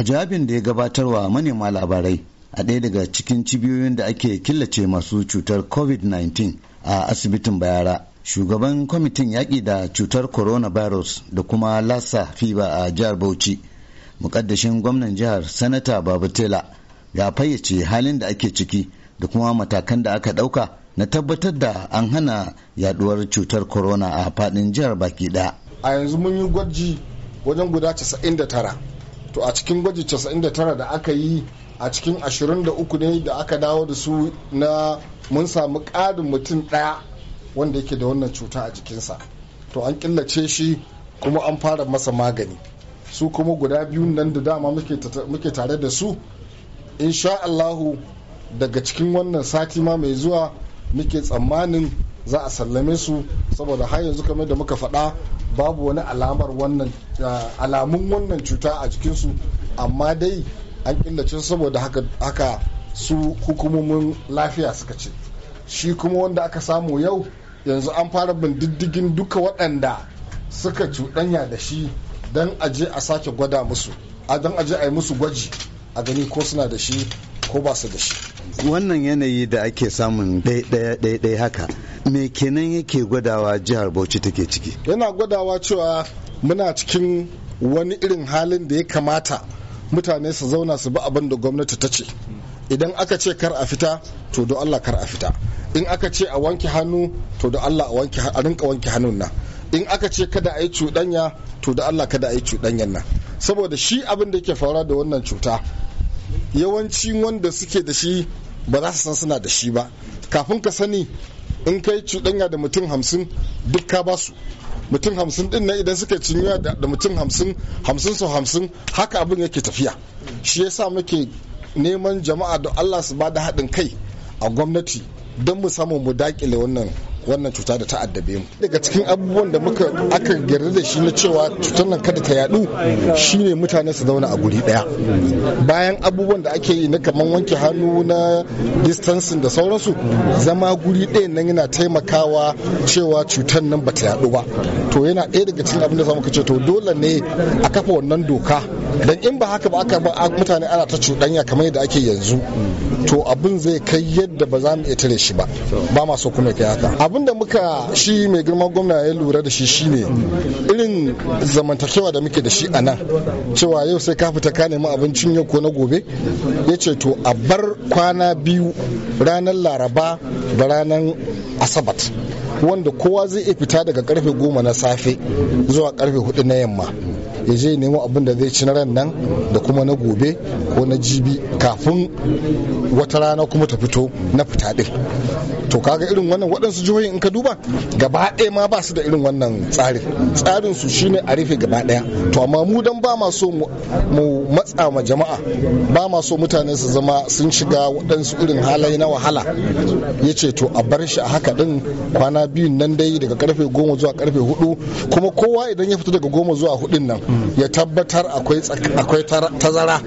a jawabin da ya gabatarwa manema labarai a ɗaya daga cikin cibiyoyin da ake killace masu cutar covid-19 a asibitin bayara shugaban kwamitin yaƙi da cutar coronavirus da kuma lassa fiba a jihar bauchi mukaddashin gwamnan jihar sanata babatela ya fayyace halin da ake ciki da kuma matakan da aka ɗauka na tabbatar da an hana yaduwar cutar corona a faɗin jihar baki ɗaya a yanzu mun yi gwaji wajen guda 99 to a cikin gwaji 99 da aka yi a cikin 23 ne da aka dawo da su na mun samu ƙarin mutum ɗaya wanda yake da wannan cuta a jikinsa to an killace shi kuma an fara masa magani su kuma guda biyu nan da dama muke tare da su insha Allahu daga cikin wannan sati ma mai zuwa muke tsammanin za a sallame su saboda har yanzu kamar da muka faɗa babu wani alamar wannan eh, alamun wannan cuta a jikinsu amma dai an killace saboda haka su hukumomin lafiya suka ce shi kuma wanda aka samu yau yanzu an fara bin diddigin duka waɗanda suka cuɗanya da shi don a je a sake gwada musu a don je a yi musu gwaji a gani ko suna da shi ko ba su da shi wannan yanayi da ake samun ɗaiɗaya haka me kenan yake gwadawa jihar bauchi take ciki yana gwadawa cewa muna cikin wani irin halin da ya kamata mutane su zauna su bi abin da gwamnati ta ce idan aka ce kar a fita to don allah kar a fita in aka ce a wanke hannu to da Allah a rinka wanke hannun nan in aka ce kada a yi cuɗanya to da Allah kada a yi cuɗanyan nan saboda shi abin da yake faruwa da wannan cuta yawanci wanda suke da shi ba za su san suna da shi ba kafin ka sani in kai cuɗanya da mutum hamsin duk ka ba su mutum hamsin din nan idan suka cinya da mutum hamsin hamsin su hamsin haka abin yake tafiya shi yasa muke neman jama'a da allah su ba da haɗin kai a gwamnati don mu samu mu daƙile wannan wannan cuta da ta addabe mu daga cikin abubuwan da muka aka yarda da shi na cewa cutar nan kada ta yadu shine mutane su zauna a guri daya bayan abubuwan da ake yi na kaman wanke hannu na distancing da sauransu zama guri daya nan yana taimakawa cewa cutar nan ba ta yadu ba to yana daya daga cikin abin da za mu ce to dole ne a kafa wannan doka dan in ba haka ba aka ba mutane ana ta cuɗanya kamar yadda ake yanzu to abin zai kai yadda ba za mu iya tare shi ba ba ma so kuma kai haka abin da muka shi mai girma gwamna ya lura da shi shine irin zamantakewa da muke da shi a nan cewa yau sai ka fita ka nemi abincin yau ko na gobe ya ce to a bar kwana biyu ranar laraba da ranar asabat wanda kowa zai iya fita daga karfe goma na safe zuwa karfe hudu na yamma ya je nemo abin da zai ci na ran nan da kuma na gobe ko na jibi kafin wata rana kuma ta fito na fita din to kaga irin wannan waɗansu jihohin in ka duba gaba ɗaya ma ba su da irin wannan tsarin tsarin su shine a rufe gaba ɗaya to amma mu dan ba ma so mu matsa ma jama'a ba ma so mutane su zama sun shiga waɗansu irin halaye na wahala ya ce to a bar shi a haka ɗin kwana biyun nan dai daga karfe goma zuwa karfe hudu kuma kowa idan ya fita daga goma zuwa hudun nan ya tabbatar akwai tazara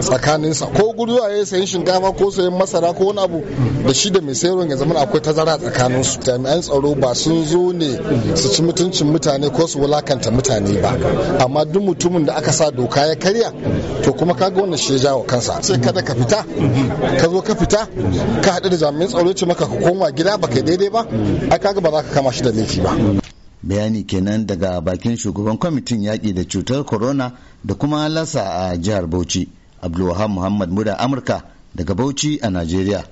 tsakaninsa ko guduwa ya sayan shinkafa ko sayan masara ko wani abu da shi da mai sayarwa ya zama akwai tazara tsakanin su jami'an tsaro ba sun zo ne su ci mutuncin mutane ko su wulakanta mutane ba amma duk mutumin da aka sa doka ya karya to kuma kaga wannan shi ya jawo kansa sai kada ka fita ka zo ka fita ka haɗu da jami'an tsaro ce maka ka koma gida ba kai daidai ba ai kaga ba za ka kama shi da laifi ba bayani kenan daga bakin shugaban kwamitin yaƙi da cutar corona da kuma lasa a jihar bauchi abdulwahab muhammad muda amurka daga bauchi a najeriya